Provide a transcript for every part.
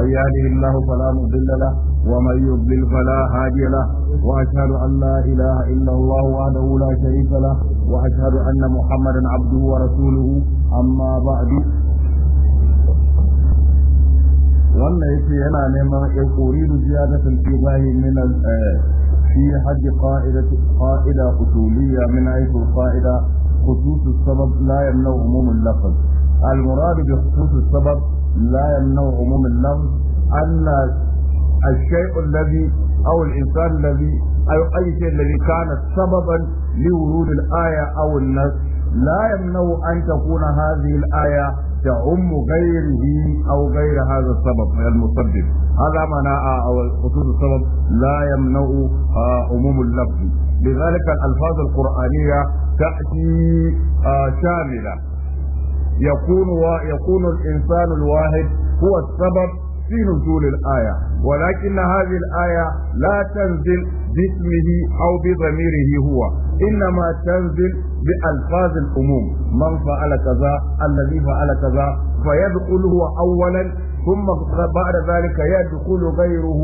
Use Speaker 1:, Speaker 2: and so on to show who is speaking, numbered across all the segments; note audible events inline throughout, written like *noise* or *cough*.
Speaker 1: من يهده الله فلا مضل له ومن يضلل فلا هادي له واشهد ان لا اله الا الله وحده لا شريك له واشهد ان محمدا عبده ورسوله اما بعد وانا يكفي yana neman ya زياده في da من min آه، في حد قائدة قائدة قتولية من حيث القائدة خصوص السبب لا يمنع عموم اللفظ المراد بخصوص السبب لا يمنع عموم اللفظ أن الشيء الذي أو الإنسان الذي أو أي شيء الذي كان سببا لورود الآية أو النص لا يمنع أن تكون هذه الآية تعم غيره أو غير هذا السبب المسبب هذا معنى آه، أو خصوص السبب لا يمنع عموم آه، اللفظ لذلك الألفاظ القرآنية تأتي آه، شاملة يكون يكون الإنسان الواحد هو السبب في نزول الآية ولكن هذه الآية لا تنزل باسمه أو بضميره هو إنما تنزل بألفاظ الأموم من فعل كذا الذي فعل كذا فيدخل هو أولا ثم بعد ذلك يدخل غيره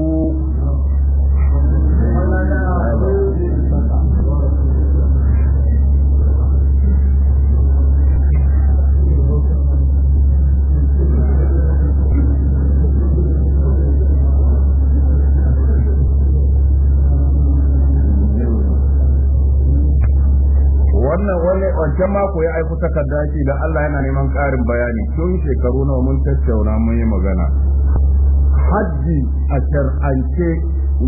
Speaker 1: wancan mako ya aiko takarda ce da Allah yana neman karin bayani tun shekaru nawa mun tattauna mun yi magana hajji a shar'ance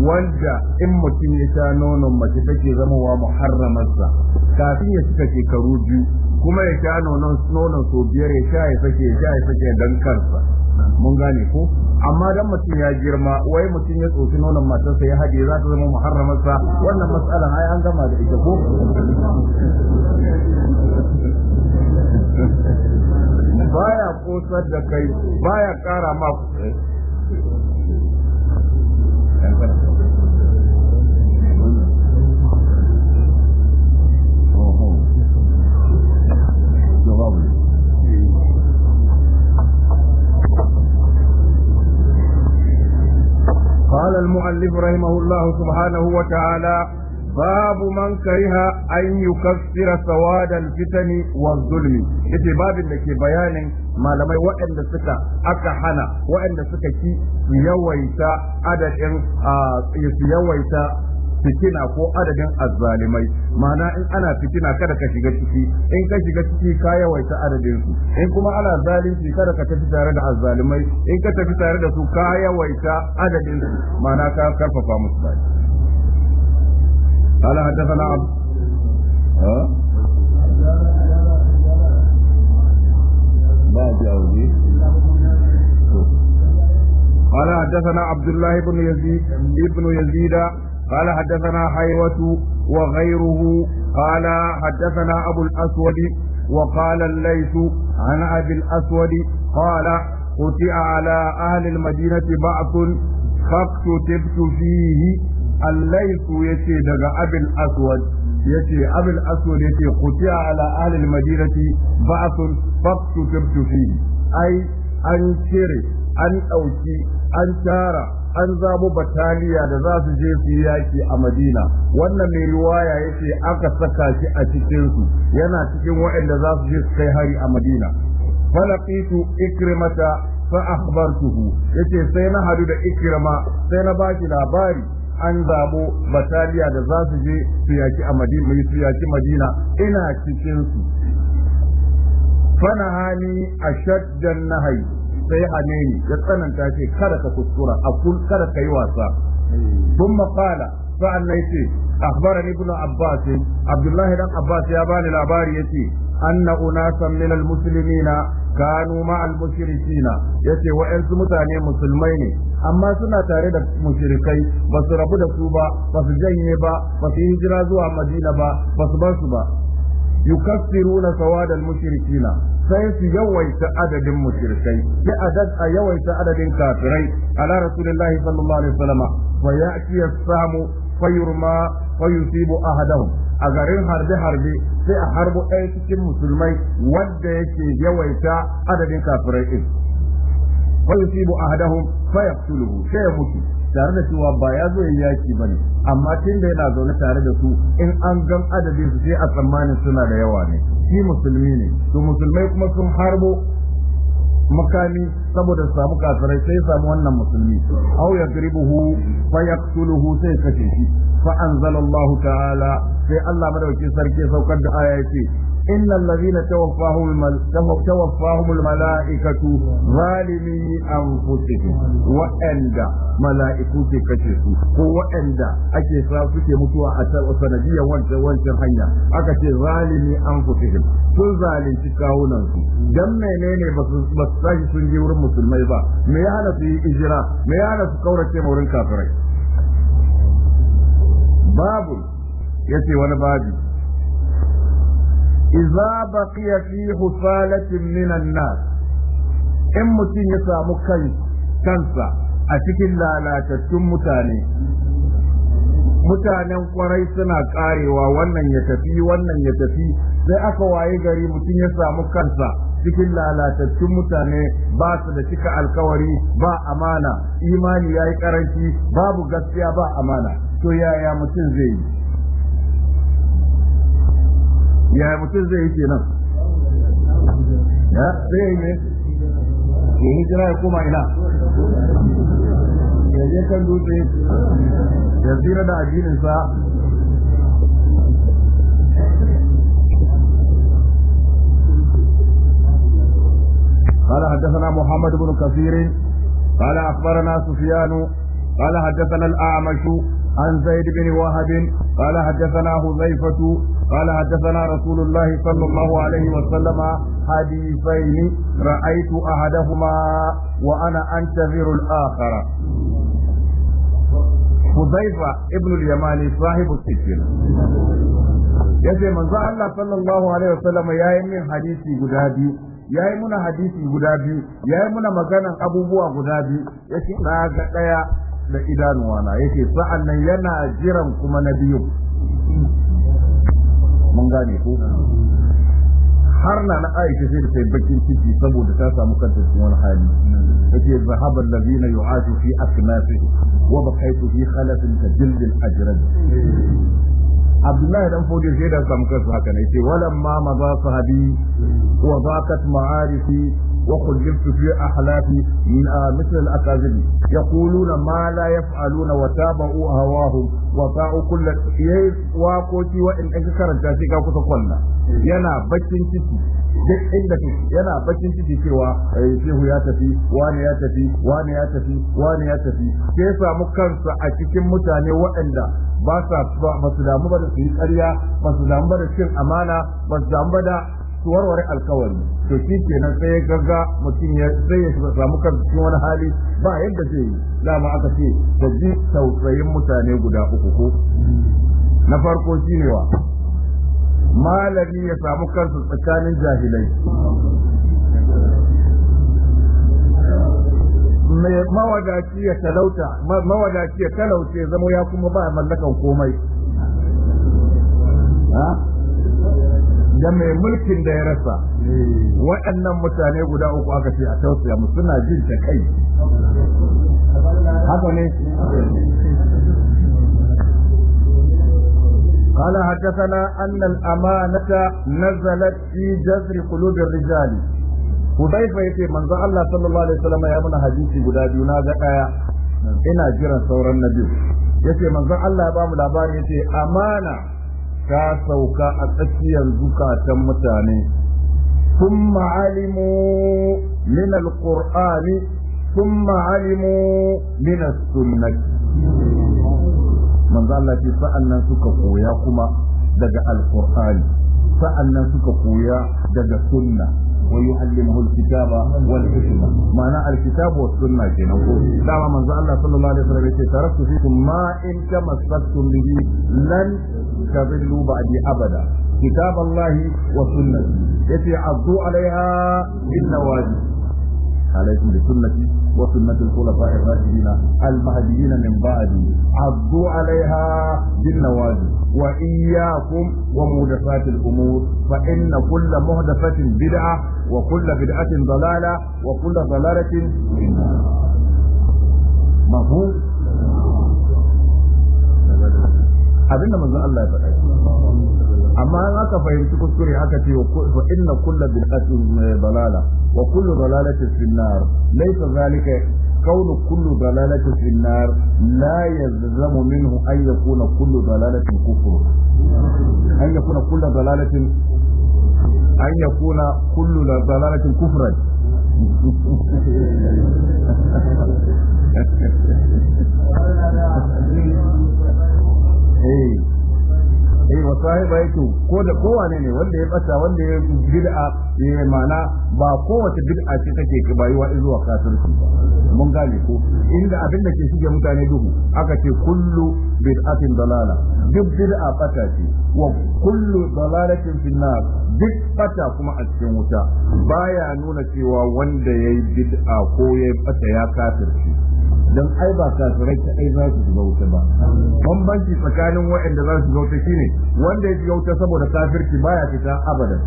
Speaker 1: wanda in mutum ya sha nonon mace take zama wa muharramarsa kafin ya cika shekaru biyu kuma ya sha nonon nonon so biyar ya sha ya sake ya sha ya sake dan kansa mun gane ko amma dan mutum ya girma wai mutum ya tsofi nonon matarsa ya hade za ta zama muharramarsa wannan matsala ai an gama da ita ko baya kosar da kai baya kara ma قال المؤلف رحمه الله سبحانه وتعالى باب من كره أن يكفر سواد الفتن والظلم يتي باب لكي بيان ما لم وأن سكا أكا حنا وأن سكا كي يويتا عدد يويتا fitina ko adadin azzalimai ma'ana in ana fitina kada ka shiga ciki in ka shiga ciki ka yawaita adadin su in kuma ana zalunci kada ka tafi tare da azzalimai in ka tafi tare da su ka yawaita adadin su ma'ana ka karfafa musu bai قال حدثنا عبد ها بعد أولي قال حدثنا عبد الله بن يزيد ابن يزيد قال حدثنا حيوة وغيره قال حدثنا أبو الأسود وقال الليث عن أبي الأسود قال قطع على أهل المدينة بعث فاكتبت فيه الليث يتي دغ أبي الأسود yace abul aswad yace qutiya ala ahli almadinati ba'thun faqtu fi ai an cire an dauki an tara an zaɓo bataliya da za su je su yaki a Madina wannan mai riwaya yace aka saka shi a cikinsu yana cikin waɗanda za su je su kai hari a Madina falaqitu ikrimata fa akhbartuhu yace sai na hadu da ikrima sai na baki labari an zabo bataliya da za su je su yaki a Madina mai su yaki Madina ina cikin su fana hani ashaddan nahayi sai amini ya tsananta ce kada ka kuskura a kun kada ka yi wasa kun mafala sa'an na ce akhbarani ibn abbas abdullahi dan abbas ya bani labari ya yace anna unasan min almuslimina kanu ma ya yace wa'ansu mutane musulmai ne amma suna tare da mushrikai ba su rabu da su ba ba su janye ba ba su hijira zuwa madina ba ba su ba su ba yukaffiruna sawad al-mushrikin sai su yawaita adadin mushrikai sai adad a yawaita adadin kafirai ala rasulillahi sallallahu alaihi wasallam wa ya'ti as-samu fayurma wa yusibu ahadahum a garin harbe harbe sai a harbo ɗaya cikin musulmai wanda yake yawaita adadin kafirai din fa yusibu ahadahum fa ya mutu tare da cewa ba ya zo ya yaki bane amma tun da yana zaune tare da su in an gan adadin su sai a tsammanin suna da yawa ne shi musulmi ne to musulmai kuma sun harbo makami saboda samu kafirai sai samu wannan musulmi aw gribuhu fa yaqtuluhu sai kace shi fa anzalallahu ta'ala sai Allah madauki sarki saukar da aya yace In إن الذين توفاهم توفاهم الملائكة ظالمي أنفسهم وأندى ملائكة كشفوا وأندى أكي سافك متوى سنديا hanya, aka ce أكي an أنفسهم sun zalunci kawunan su dan menene ba sun yi wurin musulmai ba me ya su yi ijira me ya hana su kaurace wurin kafirai babu yace wani babu idza baqiya fi hufalatin minan nas in mutum ya samu kai kansa a cikin lalatattun mutane mutanen kwarai suna karewa wannan ya tafi wannan ya tafi sai aka waye gari mutum ya samu kansa cikin lalatattun mutane ba su da cika alkawari ba amana imani ya yi karanci babu gaskiya ba amana to yaya mutum zai yi ya mutum zai yi kenan ya zai yi ne ya yi jira ya koma ina ya yi kan dutse ya zira da addininsa قال حدثنا محمد بن كثير قال اخبرنا سفيان قال حدثنا الاعمش عن زيد بن وهب قال حدثنا حذيفه قال حدثنا رسول الله صلى الله عليه وسلم حديثين رأيت أحدهما وأنا أنتظر الآخر حذيفة ابن اليماني صاحب السجن yace manzo Allah sallallahu alaihi wasallam yayi min hadisi guda biyu yayi muna hadisi guda biyu yayi muna maganan abubuwa guda biyu yace na ga daya da idanuwa na yace sa'an nan yana jiran kuma na biyu mun gane ko har na na aisha sai da sai bakin ciki saboda ta samu kanta cikin wani hali yace zahaban ladina yu'ashu fi aknasihi wa baqaitu fi khalatin ka jild al-ajrad Abdullahi dan Fodi sai da samu kansa haka ne yace walamma ma za sahabi wa zaqat ma'arifi وقلبت في أحلافي مثل الأكاذيب يقولون ما لا يفعلون وتابعوا هواهم وطاعوا كل شيء واقوتي وإن أكثر الجاسيكا كتقولنا ينا بكين تتي duk inda ke yana bakin ciki cewa shehu ya tafi wani ya tafi wani ya tafi wani ya tafi sai samu kansa a cikin mutane waɗanda ba sa ba su damu ba da su yi ƙarya ba su damu ba da cin amana ba su damu ba da warware alkawari to shi nan sai ya gaga mutum ya sai ya samu kan wani hali ba yadda zai yi dama aka ce da ji tausayin mutane guda uku ko na farko shine wa malami ya samu kansa tsakanin jahilai mawadaci ya talauta mawadaci ya talauce zama ya kuma ba mallakan komai da mai mulkin da ya rasa waɗannan mutane guda uku aka ce a tausaya mu suna jin ta kai haka ne قال حدثنا أن الأمانة نزلت في جذر قلوب الرجال Hudaifa yace manzo Allah sallallahu alaihi wasallam ya mana hadisi guda biyu na ga daya ina jiran sauran na biyu yace manzo Allah ya bamu labarin yace amana ta sauka a tsakiyar zukatan mutane sun ma'alimu min alƙur'ani sun ma'alimu min sunnati manzo Allah ce nan suka koya kuma daga alƙur'ani sa'an nan suka koya daga sunna wa yu'allimuhu alkitaba wal hikma ma'ana alkitabu sunna kenan ko dama manzo Allah sallallahu alaihi wasallam ya ce tarattu fi ma in kama sattum bihi lan تضلوا بعدي أبدا كتاب الله وسنة يتي عضو عليها بالنواجذ عليكم بسنتي وسنة الخلفاء الراشدين المهديين من بعدي عضو عليها بالنواجذ وإياكم ومهدفات الأمور فإن كل مهدفه بدعة وكل بدعة ضلالة وكل ضلالة مفهوم abinda manzon Allah ya faɗa amma an aka fahimci kuskure aka ce wa inna kulla bid'atin dalala wa kullu dalalatin fi nar laysa zalika kaunu kullu dalalatin fi nar la yazamu minhu an yakuna kullu dalalatin kufr an yakuna kullu dalalatin an yakuna kullu dalalatin kufran eh eh wa bai to, ko da kowane ne wanda ya bata wanda ya bid'a eh mana ba kowace bid'a ce take bayuwa zuwa kafirci mun gane ko inda abin da ke shige mutane duhu aka ce kullu bid'atin dalala duk bid'a fata ce wa kullu dalalatin finnar duk fata kuma a cikin wuta baya nuna cewa wanda yayi bid'a ko yayi bata ya kafirci don ai ba kafirai ta ai za su shiga ba bambanci tsakanin waɗanda za su zauta wuta shine wanda ya shiga wuta saboda kafirci baya fita abada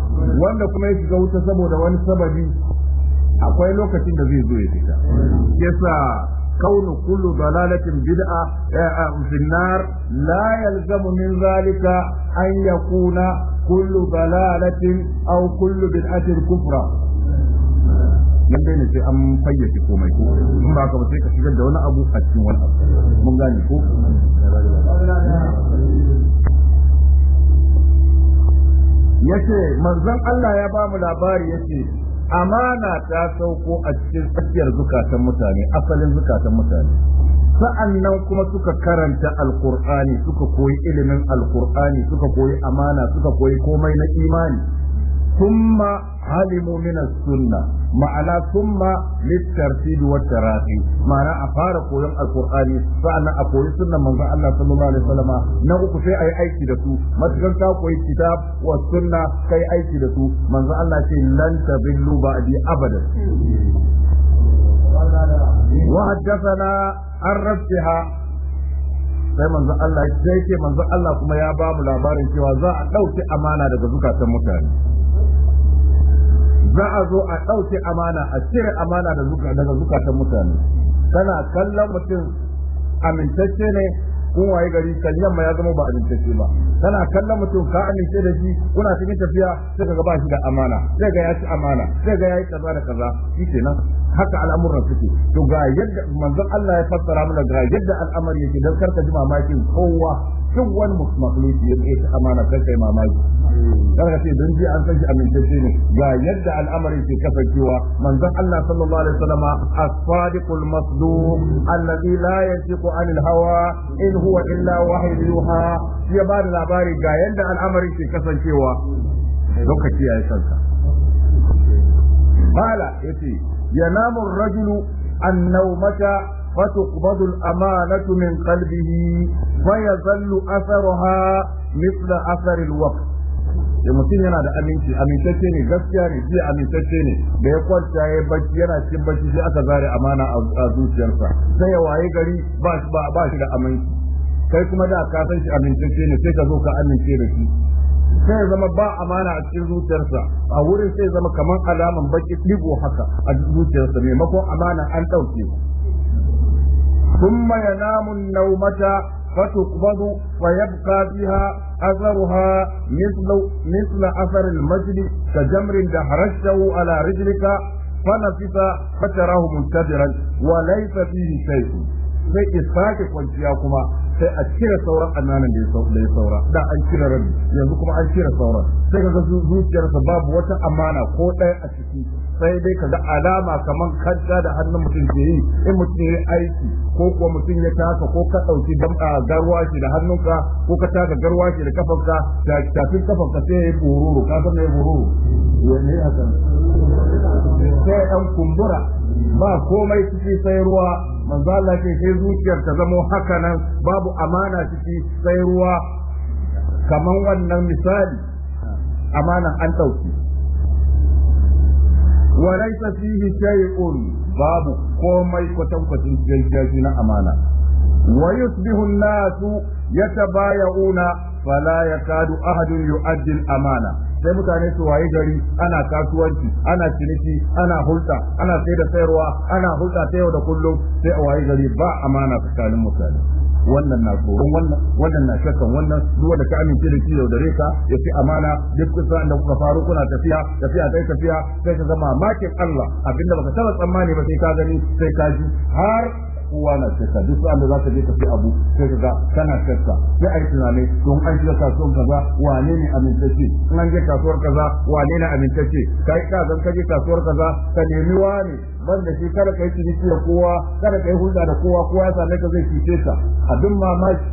Speaker 1: wanda kuma ya shiga wuta saboda wani sababi akwai lokacin da zai zo ya fita yasa كون كل ضلالة بدعة في النار لا يلزم من ذلك أن يكون كل ضلالة أو كل بدعة كفرة lallai ne sai an fayyace komai ko in ba ka sai ka shigar da wani abu a cikin wani abu mun gane ko yace manzon Allah ya ba mu labari yace amana ta sauko a cikin tsakiyar zukatan mutane asalin zukatan mutane sa'annan kuma suka karanta alkur'ani suka koyi ilimin alkur'ani suka koyi amana suka koyi komai na imani ثم علموا من السنة معنى ثم للترتيب والتراخي معنى أفارق يوم القرآن فأنا أقول سنة من الله صلى الله عليه وسلم نغوك في أي أي كدتو ما تكنت تاكو الكتاب والسنة كي أي كدتو من الله شيء لن تضلوا بعدي أبدا وحدثنا عن ربها sai manzo Allah sai ke manzo Allah kuma ya ba mu labarin cewa za a ɗauki amana daga zukatan mutane za a zo a ɗauke amana a cire amana daga zukatan mutane kana kallon mutum amintacce ne kun waye gari kan yamma ya zama ba amintacce ba kana kallon mutum ka amince da shi kuna cikin tafiya sai kaga ba shi da amana sai ga ya ci amana sai ga ya yi kaza da kaza shikenan haka al'amuran suke to ga yadda manzon Allah ya fassara mana ga yadda al'amari yake dan karka ji mamakin kowa duk wani makhluki ya tsaye amana kan kai mamaki Dan ka ce don ji an san shi amintacce ne ga yadda al'amarin ke kasancewa manzon Allah sallallahu alaihi wasallam as-sadiqul masduq alladhi la yasiqu anil hawa in huwa illa wahyu yuha ya ba da labari ga yadda al'amarin ke kasancewa lokaci ya yi kanka bala yace yanamu ar-rajulu an-nawmata فتقبض الأمانة من قلبه ويظل أثرها مثل أثر الوقت da mutum yana da aminci amintacce gaskiya ne ji amintacce ne da ya kwanta ya bacci yana cikin bacci sai aka zare amana a zuciyarsa sai ya waye gari ba shi da aminci kai kuma da ka san shi amintacce ne sai ka zo ka amince da shi sai ya zama ba amana a cikin zuciyarsa a wurin sai ya zama kamar alaman baki digo haka a zuciyarsa maimakon amana an ɗauke ثم ينام النومة فتقبض ويبقى بها أثرها مثل مثل أثر المجد كجمر دحرجته على رجلك فنفس فتراه منتظرا وليس فيه شيء sai isake kwanciya kuma sai a cire sauran annanan da ya saura da an cire rabi yanzu kuma an cire sauran sai kaga zuciyarsa babu wata amana ko ɗaya a cikin sai dai ka ga alama kaman kadda da hannun mutum ke yi in mutum ya aiki ko kuwa mutum ya taka ko ka ɗauki shi da hannunka ko ka taka garwa shi da kafanka da tafin kafanka sai ya yi bururu ka san ya bururu ya ne a kan sai ɗan kumbura ba komai ciki sai ruwa manzo Allah ke sai zuciyar ta zamo haka nan babu amana ciki sai ruwa kaman wannan misali amana an ɗauki وليس فيه شيء باب قومي كتنكتن جيجاجنا ya ويصبح الناس يتبايعون فلا يكاد أحد يؤدي amana? sai mutane su waye gari ana kasuwanci ana ciniki ana hulɗa ana sai da sayarwa ana hulɗa ta yau da kullum sai a waye gari ba amana tsakanin mutane wannan na tsoron wannan wannan na shakkan wannan duk wanda ka amince da shi yaudare ka ya fi amana duk kusa da kuka faru kuna tafiya tafiya sai tafiya sai ka zama makin Allah abinda baka taba tsammani ba sai ka gani sai ka ji har kowa na shakka duk sa'an da za ka je ka fi abu sai ka ga kana shakka sai yi tunani don an shiga kasuwar kaza wane ne amintacce in an je kasuwar kaza wane ne amintacce kai ka zan ka je kasuwar kaza ka nemi wane ban da shi kada ka yi ciniki da kowa kada ka yi hulɗa da kowa kowa ya same ka zai cuce ka abin mamaki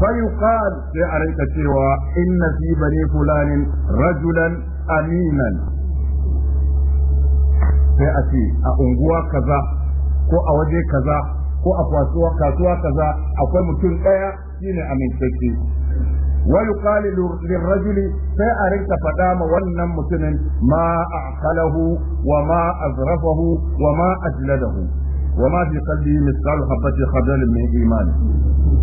Speaker 1: fayuqal sai a rinka cewa inna fi bani fulanin rajulan aminan sai a ce a unguwa kaza ko a waje kaza ko a kasuwa kaza akwai mutum ɗaya shine amintacce ويقال للرجل سأرك فدام ولن مسن ما أعقله وما أزرفه وما أجلده وما في قلبه مثقال حبة خردل من إيمان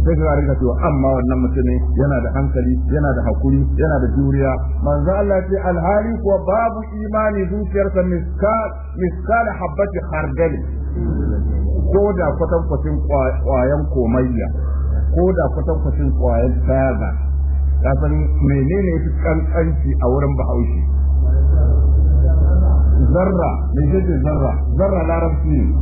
Speaker 1: sai ka rika cewa amma wannan mutumin yana da hankali yana da hakuri yana da juriya manzo Allah ce alhali kuwa babu imani zuciyarsa miskal miskal habbati khardal ko da kwatankwacin kwayan komayya ko da kwatankwacin kwayan tsaga Kasan san menene yafi kankanci a wurin bahaushe zarra mai jirgin zarra zarra larabci ne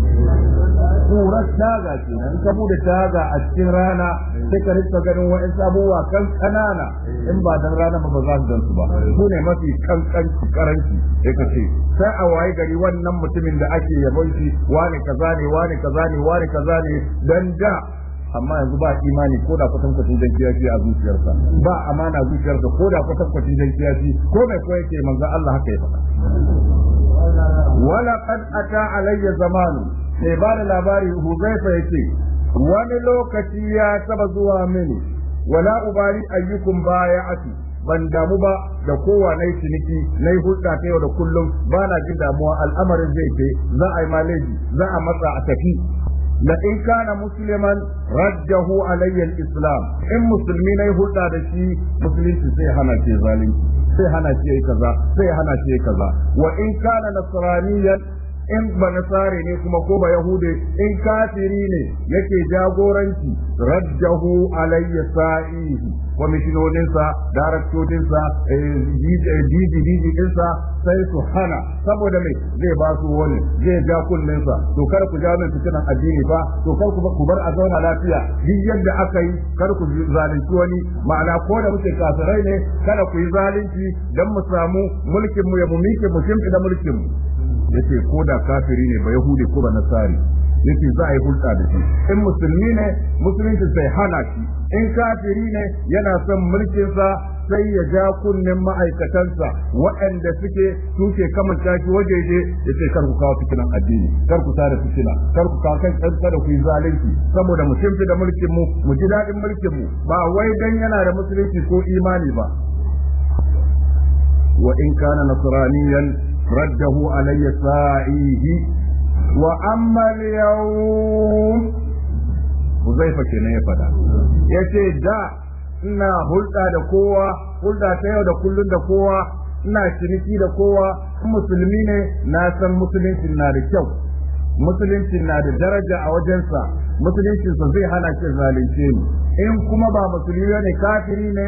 Speaker 1: tsoron daga ce saboda ka bude daga a cikin rana sai ka rika ganin wa'in sabuwa kan kanana in ba dan rana ba ba za su ba su ne mafi kankanci karanci sai ka ce sai a waye gari wannan mutumin da ake yabon shi wane kaza ne wane kaza ne wane kaza ne dan da amma yanzu ba imani ko da kwatan kwatin dan a zuciyarsa ba amana zuciyarsa ko da kwatan kwatin dan ko mai koyi ke manzo Allah haka ya faɗa wala ata alayya zamanu sai ba da labari huzaifa yace wani lokaci ya taba zuwa mini wala ubari ayyukum bayati ban damu ba da kowa nayi ciniki na yi hulɗa ta yau da kullum ba na jin damuwa al'amarin zai ce za a yi maleji za a matsa a tafi لئن كان مسلما رده islam in musulmi مسلمين hulɗa da shi musulunci sai hana ce zalunci sai hana ce kaza sai hana ce kaza wa in kana nasraniyan in ba nasare ne kuma ko ba yahude in kafiri ne yake jagoranci raddahu alayya sa'ihi kwamishinoninsa daraktocinsa eh, didi eh, ɗinsa sai su hana saboda mai zai ba su wani zai ja kullinsa to kar ku ja min cikin addini ba to kar ku bar a zauna lafiya duk yadda aka yi kar ku zalunci wani ma'ana ko da muke kasarai ne kada ku yi zalunci dan mu samu mulkin mu ya mu mike mu shimfiɗa mulkin mu yace ko da kafiri ne ba yahudi ko ba nasari yace za a yi hulɗa da shi in musulmi ne musulunci sai hana shi in kafiri ne yana son mulkinsa sai ya ja kunnen ma'aikatansa waɗanda suke suke kamar shi wajeje ya ce kar ku kawo fitinan addini kar ku tare fitina kar ku kawo kan kada ku yi zalunci saboda mu shimfi da mulkin mu mu ji daɗin mulkin mu ba wai dan yana da musulunci ko imani ba wa in kana nasraniyan raddahu alayya sa'ihi wa amma al-yawm Huzaifa kenan ya fada ya ce da ina hulɗa da kowa hulɗa ta yau da kullun da kowa ina ciniki da kowa musulmi ne na san musulunci na da kyau musulunci na da daraja a wajensa musulunci sa zai hana shi zalunce ni. in kuma ba musulmi ne kafiri ne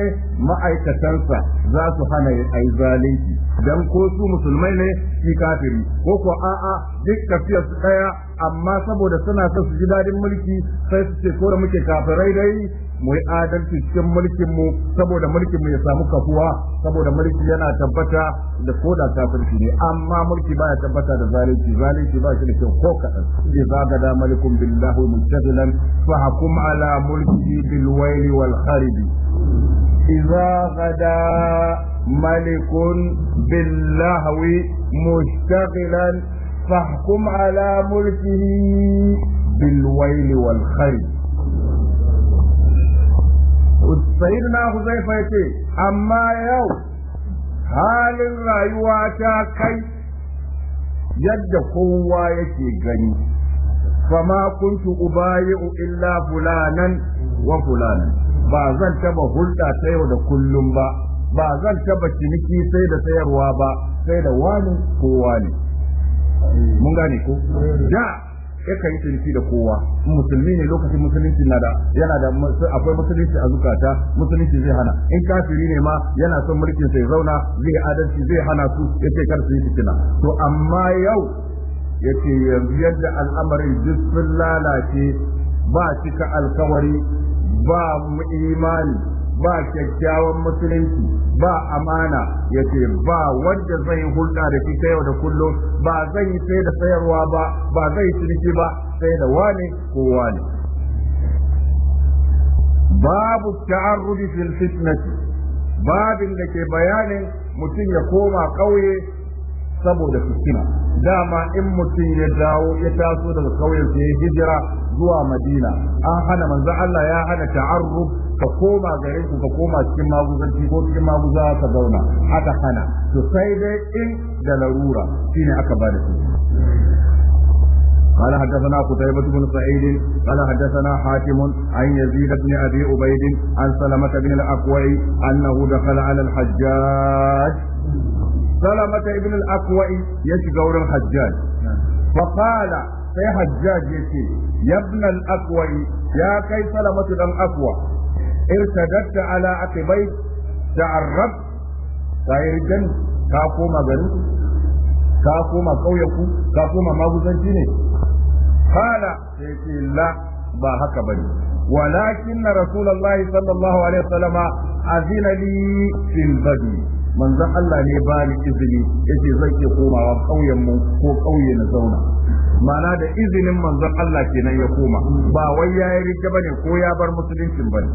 Speaker 1: ma'aikatansa za su hana ai zalunci dan ko su musulmai ne shi kafiri ko ko a'a duk tafiyar su daya amma saboda suna son su ji dadin mulki sai su ce ko da muke kafirai dai mu yi adalci cikin mulkin mu saboda mulkin mu ya samu kafuwa saboda mulki yana tabbata da koda kafirci ne amma mulki baya tabbata da zalunci zalunci ba shi da kyau ko kadan zaga malikum billahi معتدلا فحكم على ملكه بالويل والخرب إذا غدا ملك باللهو مشتغلا فحكم على ملكه بالويل والخرب سيدنا حذيفة يقول أما يوم هل الرأي ta يد قوة kowa fama kuntu أبايع illa فلانا wa fulanan ba zan taba hulɗa ta yau da kullum ba ba zan taba ciniki sai da sayarwa ba sai da wani ko wani mun gane ko da yi tunci da kowa musulmi ne lokacin musulunci na da yana da akwai musulunci a zukata musulunci zai hana in kafiri ne ma yana son mulkin sai zauna zai adalci zai hana su yake kar su yi fitina to amma yau yace yanzu yadda al'amarin duk sun lalace ba cika alkawari ba mu imani ba kyakkyawan musulunci ba amana yace ba wanda zai hulɗa da shi yau da kullum ba zai yi sai da sayarwa ba ba zai ciniki ba sai da wane ko wane babu ta'arrudi fil fitnati babin da ke bayanin mutum ya koma ƙauye saboda fitina dama in mutum ya dawo ya taso daga kauyen su ya hijira zuwa madina an hana manzo Allah ya hana ta'arruf ka koma garin ku ka koma cikin maguzanci ko cikin maguza ka zauna haka hana to sai dai in da larura shine aka ba da قال حدثنا قتيبة بن سعيد قال حدثنا حاتم عن يزيد بن أبي عبيد عن سلمة بن الأقوع أنه دخل على الحجاج salamata ibn al-aqwa'i ya shiga wurin hajjaj fa qala sai hajjaj yace ya ibn al-aqwa'i ya kai salamatu dan aqwa irtadatta ala aqibai ta'arrab sayirjan ka koma garin ka koma kauyenku ka koma maguzanci ne qala sai ce la ba haka bane ولكن رسول الله صلى الله عليه وسلم أذن لي في البدو manzan Allah ne ba ni izini yace zan ke komawa ƙauyen ko ƙauye na zauna mana da izinin manzan Allah kenan ya koma ba wai ya yi rike bane ko ya bar musuluncin bane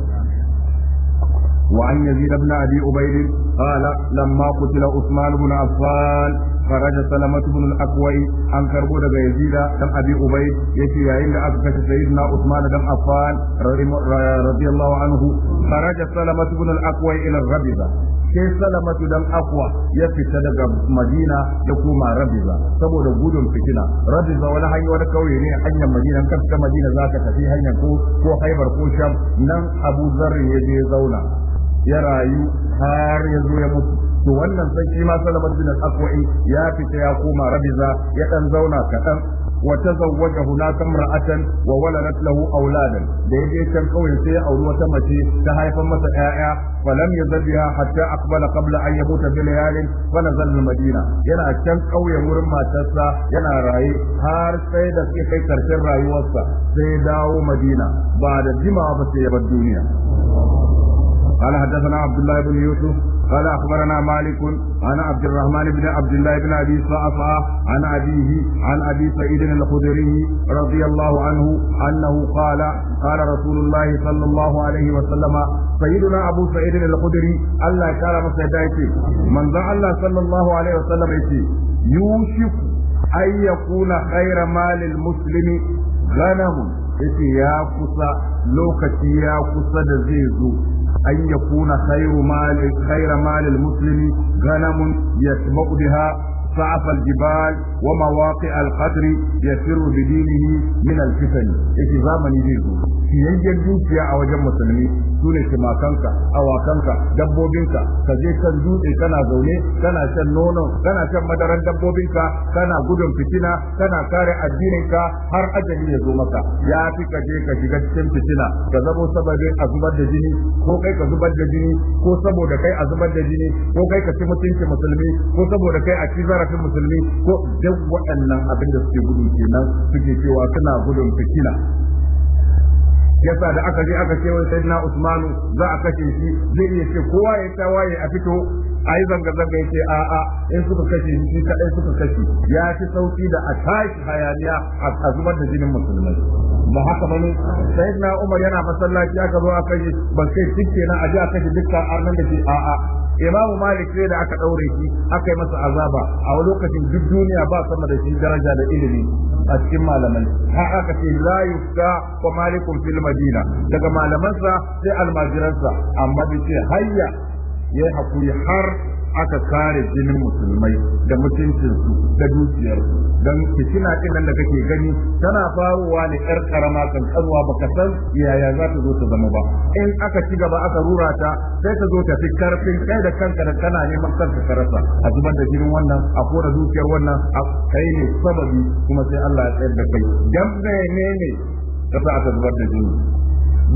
Speaker 1: wa an yazid ibn abi ubayd qala lamma qutila usman ibn affan faraja salamatu ibn al an karbo daga yazid dan abi ubayd yace yayin da aka kace sayyidina usman dan affan radiyallahu anhu faraja salamatu ibn al-aqwai ila al-ghadiba sai salamatu dan akwa ya fita daga madina ya koma rabiza saboda gudun fitina rabiza wani hanyar wani kauye ne hanyar madina kan ta madina za ka tafi hanyar ko ko haibar ko sham nan abu zarri ya je zauna ya rayu har ya zo ya mutu to wannan sai shi ma salamatu dan akwa ya fita ya koma rabiza ya dan zauna kaɗan وتزوج هناك امرأة وولدت له أولادا ده يجي كان قوي سي أو وتمشي تهايفا مسائع فلم يزل بها حتى أقبل قبل أن يموت بليال فنزل المدينة ينا كان قوي مرمى تسا ينا رأي هار سيدة في خيكر شرع يوسع سيداو مدينة بعد جمع بسيب الدنيا قال حدثنا عبد الله بن يوسف قال أخبرنا مالك عن عبد الرحمن بن عبد الله بن أبي صعصع عن أبيه عن أبي سعيد الخدري رضي الله عنه أنه قال قال رسول الله صلى الله عليه وسلم سيدنا أبو سعيد الخدري الله كرم سيدايتي من ذا الله صلى الله عليه وسلم يوشك أن يكون خير مال المسلم غنم yace ya kusa lokaci ya kusa da zai zo أن يكون خير مال خير مال المسلم غنم يسبق بها صعف الجبال ومواقع القدر يفر بدينه من الفتن إذا زمن يجيزه siyayyar dukiya a wajen musulmi su ne awakanka dabbobinka ka je kan dutse kana zaune kana shan nono kana shan madaran dabbobinka kana gudun fitina kana kare addininka har ajali ya zo maka ya fi ka je ka shiga cikin fitina ka zamo sababin a zubar da jini ko kai ka zubar da jini ko saboda kai a zubar da jini ko kai ka ci mutunci musulmi ko saboda kai a ci zarafin musulmi ko duk waɗannan abin da suke gudu kenan suke cewa suna gudun fitina yasa da aka je aka kewaye sayyidina Usmanu za a kashe shi zai iya ce kowa ya tawaye a fito yi zanga zanga yace a a in suka kashe shi kadai suka kashe ya fi sauki da a tashi hayaniya a zubar da jinin musulmai ba haka bane sayyidina Umar yana masallaci aka zo aka yi ban kai duk kenan a aka a kashe dukkan arnan da ke a a imam malik sai da aka daure shi aka yi masa azaba a wani lokacin duk duniya ba sama da shi daraja da ilimi a cikin malamai ha aka ce la yufta wa malikum fil madina daga malamansa sai almajiransa amma bi ce hayya yayi hakuri har aka kare jinin musulmai da mutuncinsu da dukiyarsu don fitina ɗin da kake gani tana faruwa ne yar karama ba, baka san yaya za ta zo ta zama ba in aka ci gaba aka rura ta sai ta zo ta fi karfin kai da kanka da kana neman kanka ka rasa a zubar da jinin wannan a kora dukiyar wannan a kai ne sababi kuma sai Allah ya tsayar da kai dan menene ka sa aka zubar da jini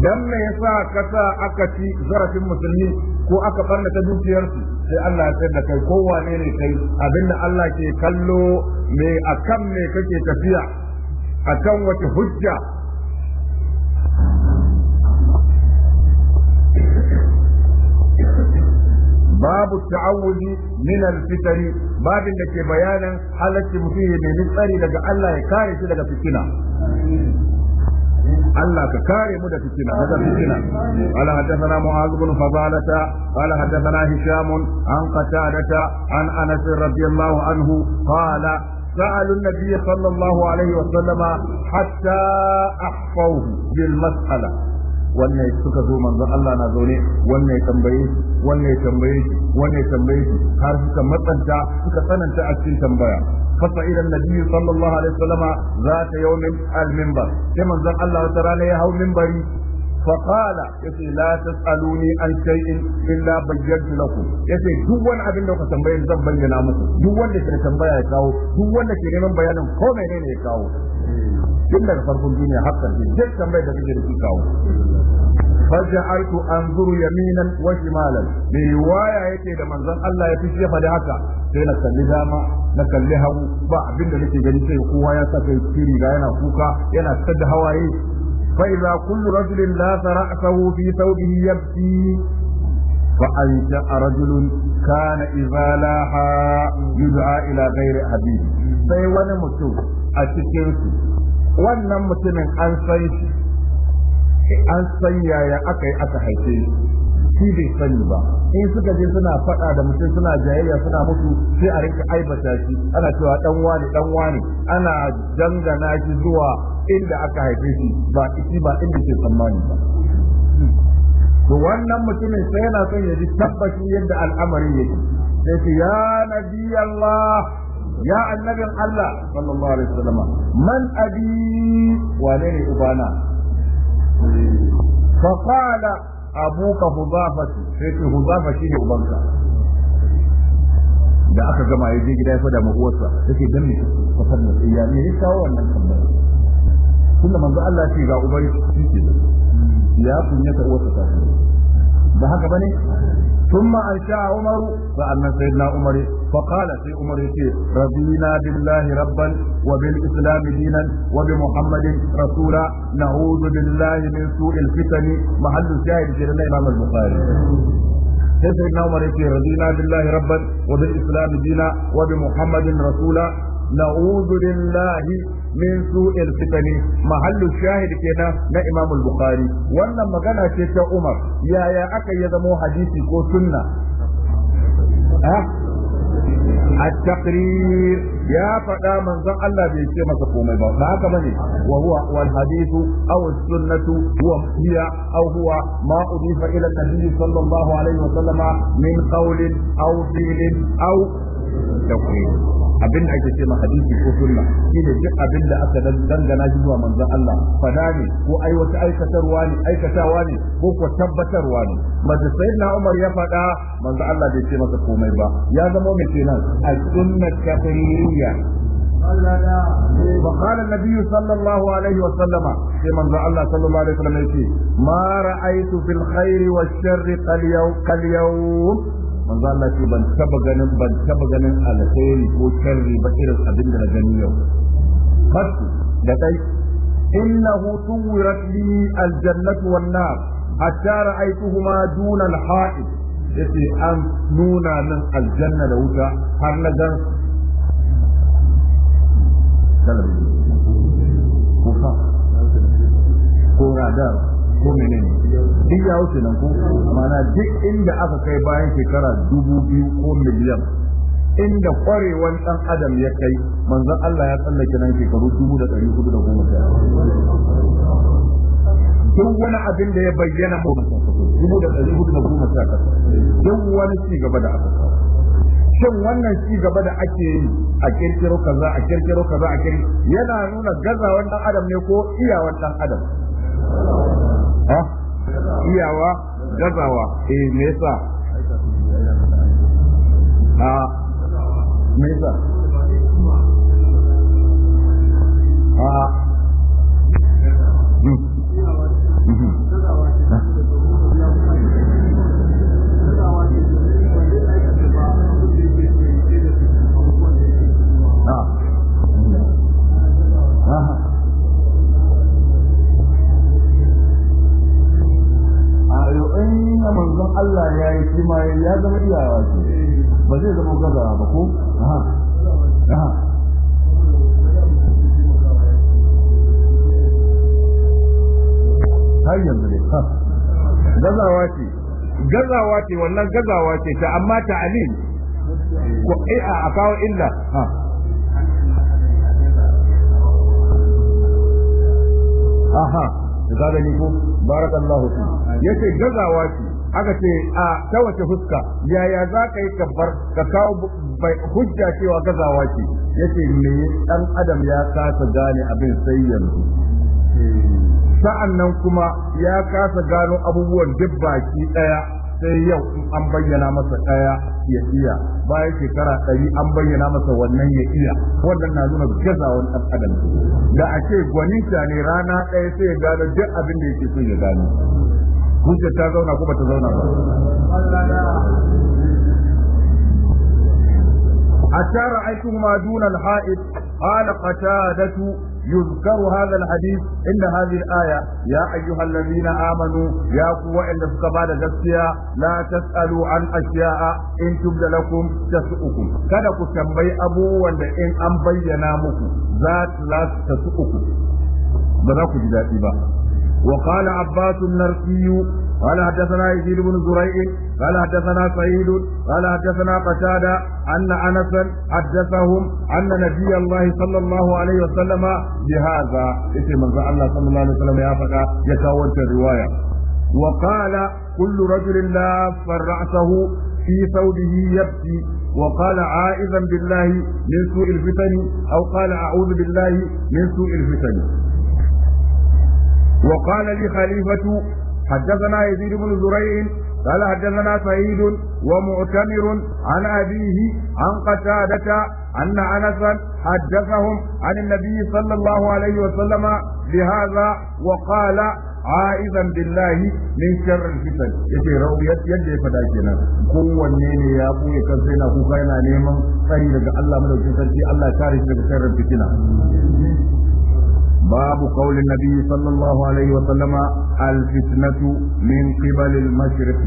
Speaker 1: dan me yasa kasa aka ci zarafin musulmi ko aka barna ta dukiyarsu sai Allah ya tsayar da kai ko ne ne kai abinda Allah ke kallo me akan me kake tafiya akan wace hujja باب التعوذ من الفتن باب da ke bayanin halarci mutum ya nemi tsari daga Allah ya kare shi daga fitina Allah ka kare mu da fitina daga fitina qala hadathana mu'adh bin fadalata qala hadathana hisham an qatadata an anas radiyallahu anhu qala سألوا النبي صلى الله عليه وسلم حتى أحفوه بالمسألة wannan suka zo manzon Allah na zaune wannan ya tambaye shi wannan ya tambaye shi wannan ya tambaye shi har suka matsanta suka tsananta a cikin tambaya fasa ila annabi sallallahu alaihi wasallama zata yawmin al-minbar sai manzon Allah ta rana ya hau minbari فقال يسي لا تسألوني عن شيء إلا بينت لكم يسي دوان أبن لو كتنبين زبن kawo دوان لكي تنبين يكاو دوان لكي نمبين كومين يكاو tun daga farkon duniya har ƙarshe duk tambayar da kake da su kawo فجعلت انظر يمينا وشمالا روايه yake da manzon Allah ya fi shefa da haka sai na kalli dama na kalli hagu ba abinda nake gani sai kowa ya saka kiri ga yana kuka yana sadda hawaye fa idza kullu rajulin la sara'ahu fi thawbihi yabki فأنشأ rajulun كان إذا لاحى يدعى إلى غير حبيب sai wani mutum a cikinsu wannan mutumin an san shi an san yaya aka yi aka haife shi bai sani ba in suka je suna faɗa da mutum suna jayayya suna mutu sai a rinka aibata shi ana cewa dan wani dan wani ana dangana shi zuwa inda aka haife shi ba shi ba inda ke tsammani ba to wannan mutumin sai yana son ya ji tabbaci yadda al'amarin yake sai ya nabi Allah ya annabin Allah sallallahu alaihi wasallam man abi wane ne ubana fa qala abuka hudafati sai ce hudafa shine ubanka da aka gama ya je gida ya fada ma uwarsa take dan ne ka fadda iya ne ya kawo wannan tambaya tunda manzo Allah ce ga uban shi ke ya kunya ta uwarsa ta ba haka bane ثم أنشأ عمر فأن سيدنا Umar. فقال في عمر رضينا بالله ربا وبالاسلام دينا وبمحمد رسولا نعوذ بالله من سوء الفتن محل الشاهد في الامام البخاري sai sai na umar yake radina billahi rabban wa bil islam dina wa bi muhammadin rasula na'udhu billahi min su'il fitani mahallu shahid kenan na imam al-bukhari wannan magana ce ta umar yaya aka yi zamo hadisi ko sunna التقرير يا فدا من ذا الله بي سي مسا كومي با هكا بني وهو والحديث او السنه هو هي او هو ما اضيف الى النبي صلى الله عليه وسلم من قول او دين او tawhid abin da ake cewa hadisi ko sunna shine duk abin da aka dangana shi zuwa manzon Allah fada ne ko ai wata aikatarwa ne aikatawa ne ko ko tabbatarwa ne sayyidina Umar ya fada manzon Allah bai ce masa komai ba ya zama mai kenan a sunnat kafiriyya وقال النبي صلى الله عليه وسلم كما قال الله صلى الله عليه وسلم ما رأيت في الخير والشر كاليوم manzo Allah ce ban taba ganin ban taba ganin ko sharri ba irin abin da na gani yau bas da kai innahu tuwirat li aljannatu wan nar hatta ra'aytuhuma duna alha'id yace an nuna min aljanna da wuta har na gan ko radar ko menene duk ya wuce nan ko mana duk inda aka kai bayan shekara dubu biyu ko miliyan inda kwarewan dan adam ya kai manzon Allah ya tsallake nan shekaru dubu da ɗari hudu da goma sha duk wani abin da ya bayyana mu dubu da ɗari hudu da goma sha duk wani ci gaba da aka kawo shin wannan ci gaba da ake yi a kirkiro kaza a kirkiro kaza a kirkiro yana nuna gazawan dan adam ne ko iyawan dan adam iyawa gazawa eh me yasa a ah, me
Speaker 2: yasa a ah.
Speaker 1: ya zama iyawa ce ba zai zama gaza ba ko aha aha har yanzu ne gazawa ce gazawa ce wannan gazawa ce ta amma ta alim ko eh, a a kawo illa ha aha da ni ko barakallahu fi yace gazawa ce aka ce a ta wace fuska yaya za ka yi kabar ka kawo hujja cewa gazawa ce yace me dan adam ya kasa gane abin sai yanzu sa'an nan kuma ya kasa gano abubuwan duk baki ɗaya sai yau an bayyana masa ɗaya ya iya bayan shekara ɗari an bayyana masa wannan ya iya wannan na nuna gazawan ɗan adam da a ce gwaninta ne rana ɗaya sai ya gano duk abin da yake so ya gano hujjar ta zauna ko bata zauna ba a tara aikin madunan ha'id ala qatadatu yuzkaru hadha alhadith inda hadhihi alaya ya ayyuhalladhina amanu ya kuwa inda suka ba da gaskiya la tasalu an a in tubda lakum tasukum kada ku tambayi abubuwan da in an bayyana muku za su tasukum ba za ku ji daɗi ba وقال عباس النرسي قال حدثنا يزيد بن زريع قال حدثنا سعيد قال حدثنا قتادة أن أنسا حدثهم أن نبي الله صلى الله عليه وسلم بهذا اسم من الله صلى الله عليه وسلم يا فقا يكاون الرواية وقال كل رجل لاف رأسه في ثوبه يبكي وقال عائذا بالله من سوء الفتن أو قال أعوذ بالله من سوء الفتن وقال لي خليفة حدثنا يزيد بن زريع قال حدثنا سعيد ومعتمر عن أبيه عن قتادة أن أنسا حدثهم عن النبي صلى الله عليه وسلم بهذا وقال عائذا بالله من شر الفتن yace rawiyat yadda ya fada kenan kowanne ne ya buye kan sai na kuka yana neman tsari daga Allah madaukakin sarki Allah kare shi daga sharrin باب قول النبي صلى الله عليه وسلم الفتنة من قبل المشرق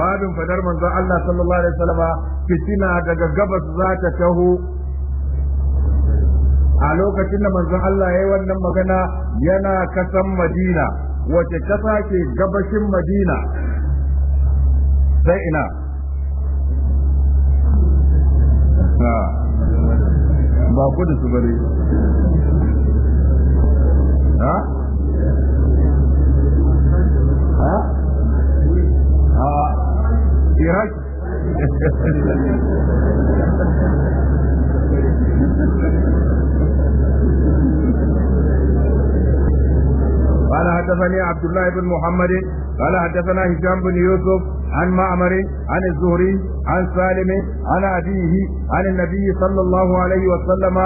Speaker 1: باب فدر من الله صلى الله عليه وسلم فتنة دقبت ذات شهو a lokacin da manzon Allah ya yi wannan magana yana kasan Madina wace kasa ke gabashin Madina sai ina ba kudu su bari ها
Speaker 2: ها ها *laughs*
Speaker 1: قال حدثني عبد الله بن محمد قال حدثنا هشام بن يوسف عن معمر عن الزهري عن سالم عن أبيه عن النبي صلى الله عليه وسلم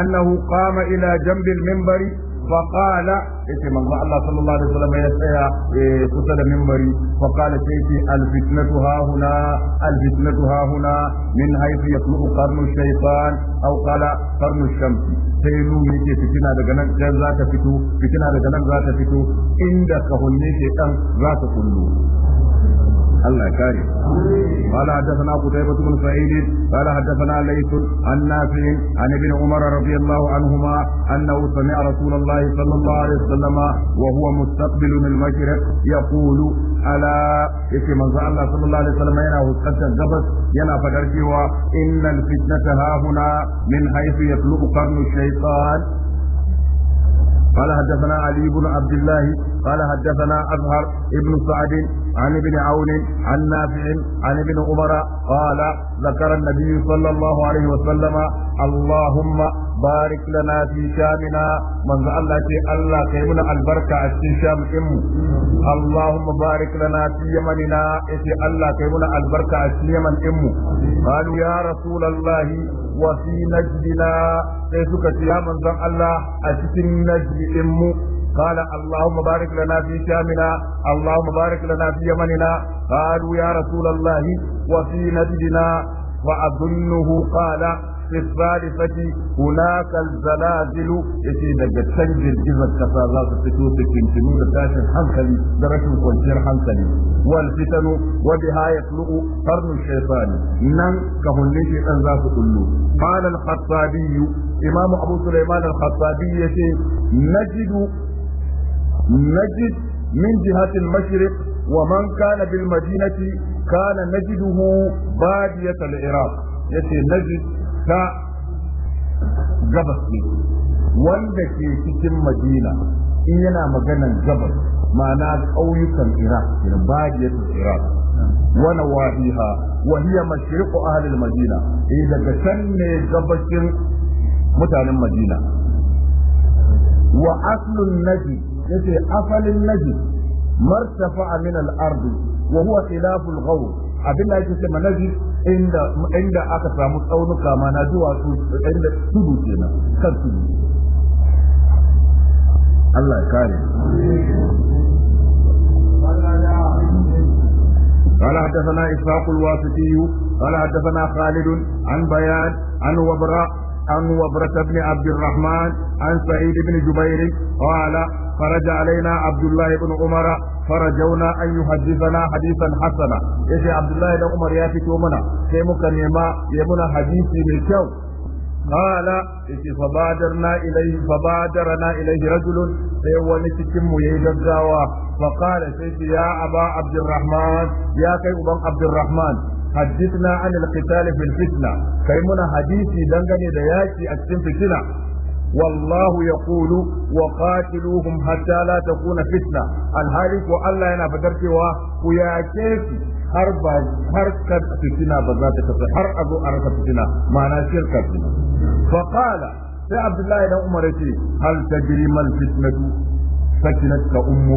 Speaker 1: أنه قام إلى جنب المنبر فقال يتي من الله صلى الله عليه وسلم يسعى كتل منبري فقال سيتي الفتنة ها هنا الفتنة ها هنا من حيث يطلع قرن الشيطان أو قال قرن الشمس سينو يتي فتنة دقنا ذات فتو فتنة دقنا ذات فتو عندك هنيك أن ذات كله الله كاري قال حدثنا قتيبة بن سعيد قال حدثنا ليث عن نافع عن ابن عمر رضي الله عنهما أنه سمع رسول الله صلى الله عليه وسلم وهو مستقبل من المشرق يقول ألا اسم من الله صلى الله عليه وسلم ينا وسقطة الزبس ينا فدركي إن الفتنة ها هنا من حيث يطلب قرن الشيطان قال حدثنا علي بن عبد الله قال حدثنا أظهر ابن سعد عن ابن عون عن نافع عن ابن عمر قال ذكر النبي صلى الله عليه وسلم اللهم barik lana fi shamina manzo Allah ce Allah kai muna albarka a cikin sham din mu Allahumma barik lana fi yamanina yace Allah kai muna albarka a cikin yaman mu qalu ya rasulullah wa fi najdina sai suka ce Allah a cikin najdi din mu قال اللهم بارك لنا في شامنا اللهم بارك لنا في يمننا قالوا يا رسول الله وفي نجدنا وأظنه قال الثالثة هناك الزلازل يتي دقى تنجي الجزء كسازات التكوث كنتمو لتاش الحنكلي درش كونتير حنكلي والفتن وبها يطلق قرن الشيطان نن كهنش أنزاف كله قال الخطابي إمام أبو سليمان الخطابي يتي نجد نجد من جهة المشرق ومن كان بالمدينة كان نجده بادية العراق يتي نجد ta gabas ne wanda ke cikin madina in yana maganan gabas ma'ana ƙauyukan iraq da bagiyar iraq wani wahiha wahiya mashriqu ahlil madina eh daga can ne gabashin mutanen madina wa aslun naji yace asalin naji martafa min al-ard wa huwa khilaf ghawr abin da yake cewa naji inda aka samu tsaunuka ma na duwatsu inda tudu ke kenan kan tudu Allah ya kare قال حدثنا إسحاق الواسطي قال حدثنا خالد عن بيان عن وبراء عن وبرة بن عبد الرحمن عن سعيد بن جبير قال خرج علينا عبد الله بن عمر فرجونا أن يحدثنا حديثا حسنا يجي عبد الله بن عمر ياتي تومنا سيمك نيما يمنا حديثي من كو قال يجي فبادرنا إليه فبادرنا إليه رجل سيواني تكم يجزاوا فقال سيدي يا أبا عبد الرحمن يا كي أبا عبد الرحمن حدثنا عن القتال في الفتنة كيمنا حديثي دنغني دياكي أكسن فتنة Wallahu ya وقاتلوهم حتى لا تكون ta الهالك والله ينا فدرك ويا كيفي har ba har kar fitina ba za ta kafa har a zo a rasa fitina ma'ana shirka fitina fa sai abdullahi dan umar yace hal tajri mal fitnatu sakinaka ka ummu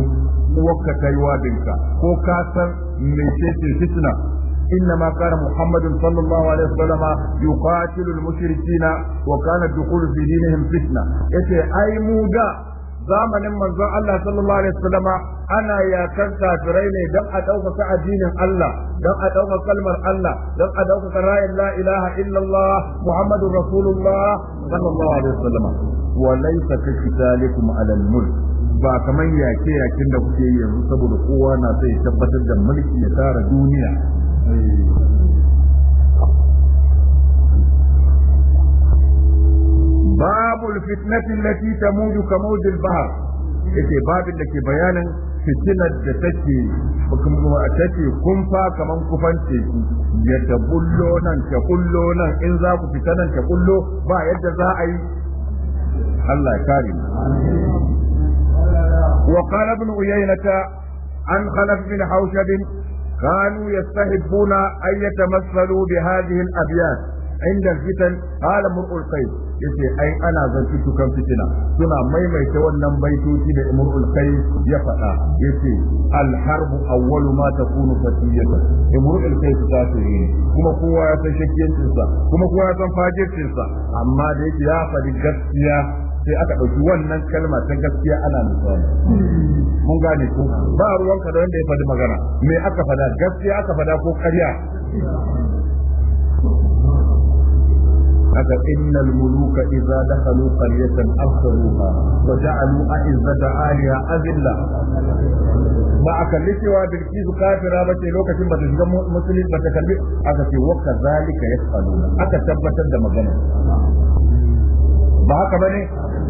Speaker 1: wa ka kaiwa binka ko ka san mece ce fitina Inna كان محمد صلى الله عليه وسلم يقاتل المشركين وكان الدخول في دينهم zamanin manzon Allah sallallahu alaihi ana yakan kafirai ne don a ɗaukaka addinin Allah don a kalmar Allah don a ɗaukaka rayin la ilaha illallah Muhammadur Rasulullah a. alaihi wasallama wa laysa ka kitalikum ala mulk ba kamar yake yakin da kuke yi yanzu saboda kowa na ya tabbatar da mulki ya tara duniya babu fitnati allati tamuju kamuj al-bahr yake babin da ke bayanin fitinar da take take kumfa kaman kufan teku ya ta bullo nan ta bullo nan in za ku fita nan ta bullo ba yadda za a yi Allah ya kare wa qala ibn uyaynata an khalaf bin haushab كانوا يستحبون أن يتمثلوا بهذه الأبيات عند الفتن قال مرء القيس yace ai ana zanci tukan fitina suna maimaita wannan baitoci da imrul qais ya faɗa yace al harbu awwalu ma takunu fatiyatan imrul qais ta ne kuma kowa ya san shakkiyancin sa kuma kowa ya san amma da ya faɗi gaskiya sai aka ɗauki wannan kalma ta gaskiya ana misali mun gane ku. ba ruwanka da wanda ya faɗi magana me aka faɗa gaskiya aka faɗa ko ƙarya haka innal muluka idza dakhalu qaryatan afsaruha wa ja'alu a'izzata aliha azilla ba a kalli cewa bilkisu kafira ba ce lokacin ba ta shiga musulmi ba ta kalli aka ce wa kadhalika yasaluna aka tabbatar da magana ba haka bane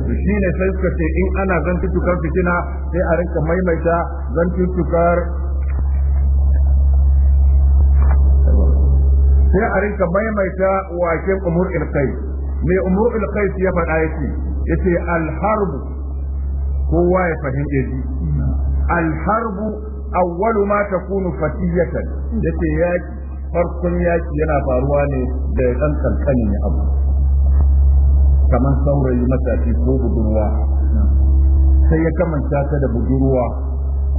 Speaker 1: to ne sai suka ce in ana cutar fitina sai a rinka maimaita cutar sai a rinka maimaita waken umur ilkai mai umur ilkai ya faɗa ya ce alharbu kowa ya fahim shi alharbu awwalu ma takunu fatiyatan yace yaki farkon yaki yana faruwa ne da ya ɗan kankanin abu kamar saurayi matashi ko budurwa sai ya kamanta ta da budurwa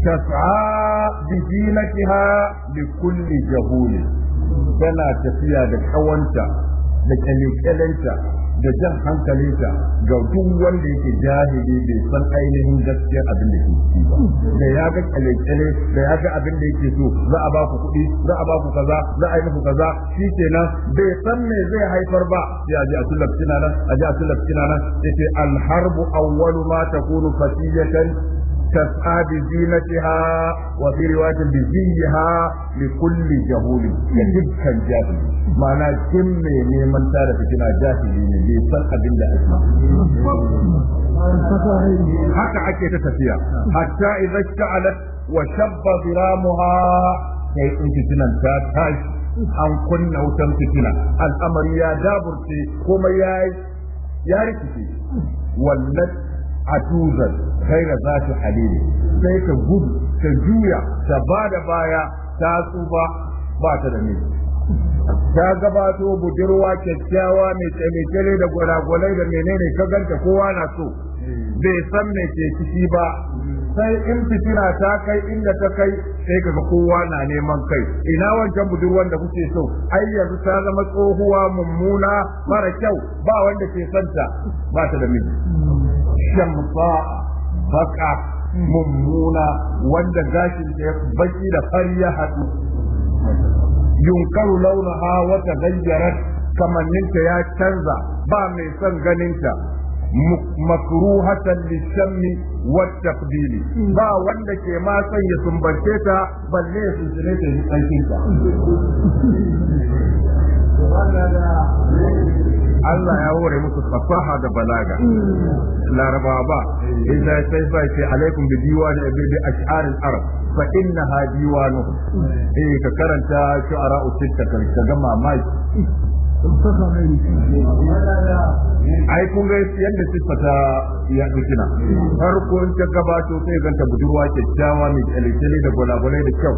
Speaker 1: tas'a bi zinatiha li kulli jahuli tana tafiya da kawanta da kyalekyalenta da jan hankalinta ga duk wanda yake jahili bai san ainihin gaskiyar abin da ke ciki ba da ya ga kalekale da ya ga abin da yake so za a ba ku kuɗi za a ba ku kaza za a yi muku kaza shi kenan bai san me zai haifar ba sai a ji a tulab nan a ji a tulab nan yace al harbu awwalu ma takunu fasiyatan تسعى بزينتها وفي رواية بزيها لكل جهول يجب كان جاهل معنى كم من من تارة كنا جاهل لسان أبن لا أسمع حتى حكي تتفيا حتى إذا اشتعلت وشب ظلامها sai انت fitinan ta أن كنا kunna الأمر يا دابرتي ya ياي يا ya rikice atuzan za su halili sai ka gudu ta juya ta da baya ta tsufa ba ta da ni. ta gabato budurwa kyakkyawa mai tsamikele da gwalagwalai da menene ka ganta kowa na so bai san mai ke ciki ba sai in fitina ta kai inda ta kai sai kaga kowa na neman kai ina wancan budurwan da kuke so ai yanzu ta zama tsohuwa mummuna mara kyau ba wanda ke santa ba ta da miji shamsa'a baka mummuna wanda gashin ta baki da far ya haɗu yunkaru ha wata gayyarar kamanninta ya canza ba mai son ganinta makruhatan lishammi wattaqdili ba wanda ke ma son ya sumbace ta balle ya sunsune
Speaker 2: ta yi ta
Speaker 1: Allah ya hore musu fasaha da balaga laraba ba idza sai sai ce alaikum bi diwani bi bi al arab fa ha diwanu eh ka karanta shu'ara usitta ka ga mamaki ai kun ga yadda siffata ya dukina farko in ta gabato sai ganta budurwa kyakkyawa mai alikali da gwalagwalai da kyau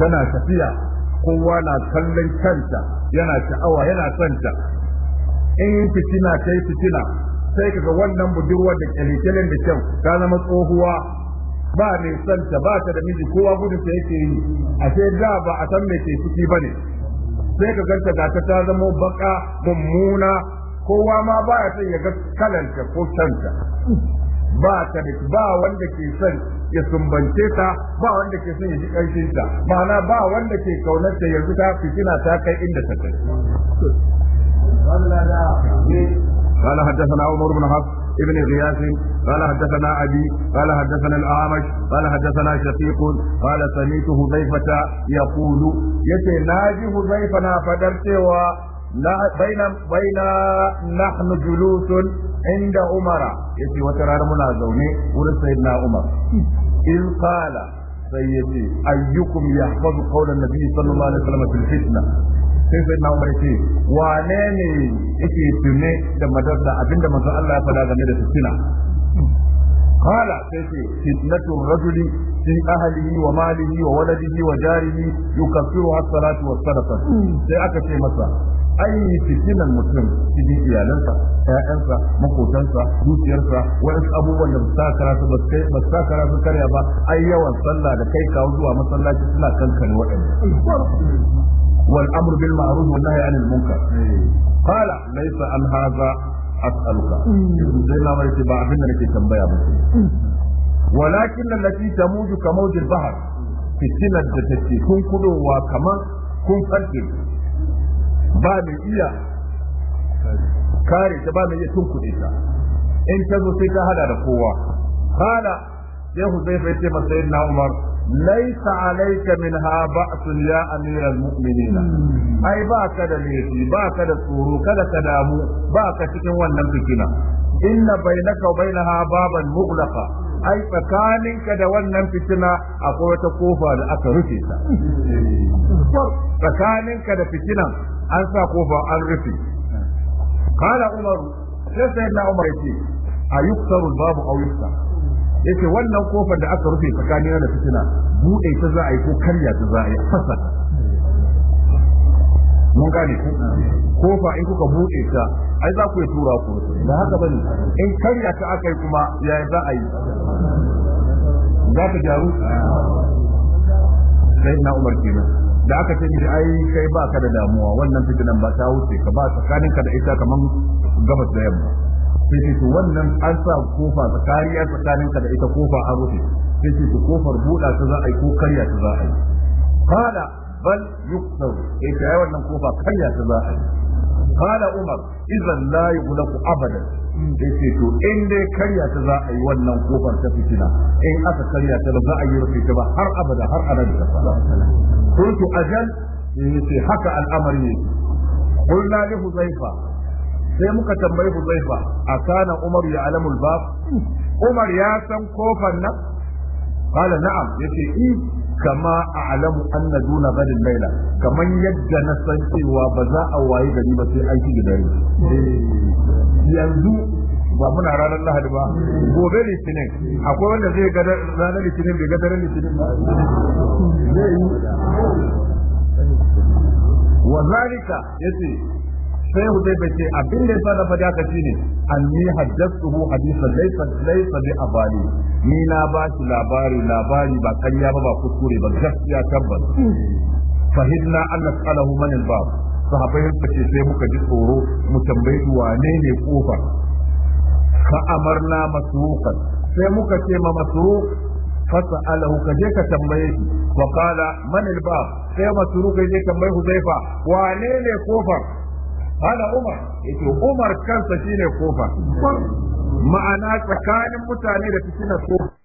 Speaker 1: tana tafiya kowa na kallon kanta yana sha'awa yana son ta. in fitina ta yi fitina sai kaga wannan budurwar da kyalekyalen da kyau ta zama tsohuwa ba mai ta, ba ta da miji kowa gudun ta yake yi ashe da ba a san me ke ciki ba ne sai ka ganta ga ta ta zama baka mummuna kowa ma baya son ya ga kalanta ko canta ba ta da ba wanda ke son ya sumbance ta ba wanda ke son ya ji ƙarfin ta ma'ana ba wanda ke kaunar ta yanzu ta fitina ta kai inda ta kai قال حدثنا عمر بن حفص ابن غياث قال حدثنا ابي قال حدثنا الاعمش قال حدثنا شقيق قال سمعت حذيفه يقول يتي ناجي حذيفه فدرت baina baina nahnu julusun inda umara yace wata rana muna zaune wurin sayyidina umar in qala sai yace ayyukum yahfazu qawlan nabiy sallallahu alaihi wasallam fil fitna sai sai na umar ce wane ne yake tune da madarsa abinda manzon Allah ya faɗa game da fitina قال سيتي فتنة الرجل wa أهله وماله وولده salatu يكفرها الصلاة Sai aka ce masa. ai fitinan mutum cikin iyalansa 'ya'yansa, makotansa dukiyarsa wani abubuwan da ba sa karatu ba ba sa karya ba ai yawan sallah da kai kawo zuwa masallaci suna kankare waɗanda wal amru bil ma'ruf wan nahyi 'anil munkar qala laysa an hadha as'aluka sai na mai ba abin da nake tambaya ba walakin allati tamuju ka mawjil bahr fitinar da take kun kudowa kamar kun farke ba mai iya kare ta ba mai iya kuɗi ta in ta zo sai ta hada da kowa kana sai zai ya ce masa yin umar laisa alaika min ha ba'sun ya amir muminina hmm. ai ba ka da laifi ba ka da tsoro kada ka damu ba ka cikin wannan fikina inna bainaka wa bainaha baban mughlaqa ai tsakaninka da wannan fitina akwai wata kofa da aka rufe ta hmm. tsakaninka da fitinan an sa kofa an rufe Kana umaru sai sai na umar yace ayuktaru babu a yuktar yake wannan kofar da aka rufe tsakanin da fitina bude ta za a yi ko karya ta za a yi fasa mun gane ku kofa in kuka buɗe ta ai za ku yi tura ku da haka bane in karya ta aka yi kuma ya za a yi za ta gyaru sai na umar kenan da aka ce mishi ai kai ba ka da damuwa wannan fitinan ba ta wuce ka ba tsakanin ka da ita kaman gabas da yamma sai ce to wannan an sa kofa tsakaniya tsakanin ka da ita kofa an rufe sai ce to kofar buɗa ta za a yi ko karya ta za a yi kada bal yuktau eh ai wannan kofa karya ta za a yi qala umar idan la yughlaqu abadan yace to in dai karya ta za a yi wannan kofar ta fitina in aka karya ta ba za a yi rufe ta ba har abada har abada kuntu ajal yace haka al'amari ne qulna li huzaifa sai muka tambayi huzaifa akana umar ya alamul bab umar ya san kofar nan qala na'am yace eh kama a alamu an na duna gadin laila kamar yadda na san cewa ba za a wayi gari ba sai aiki da dare eh, yanzu ba muna ranar lahadi ba gobe litinin akwai wanda zai ga ranar litinin bai ga daren litinin ba zai yi wa zalika yace sai hudai bai ce abin da ya yasa na faɗi haka shine anni haddathuhu hadisa laysa laysa bi abali ni na ba shi labari labari ba kanya ba ba kuskure ba gaskiya tabbas fahimna an nas'alahu man al-bab sahabai suka ce sai muka ji tsoro mu tambayi wane ne kofa Ka amarna masruqan sai muka ce ma masruq fas'alahu ka je ka tambaye shi wa qala man al-bab sai masruq ya je tambayi huzaifa wane ne kofar hada umar yake umar kansa shine kofa ma'ana tsakanin mutane da fitina kofa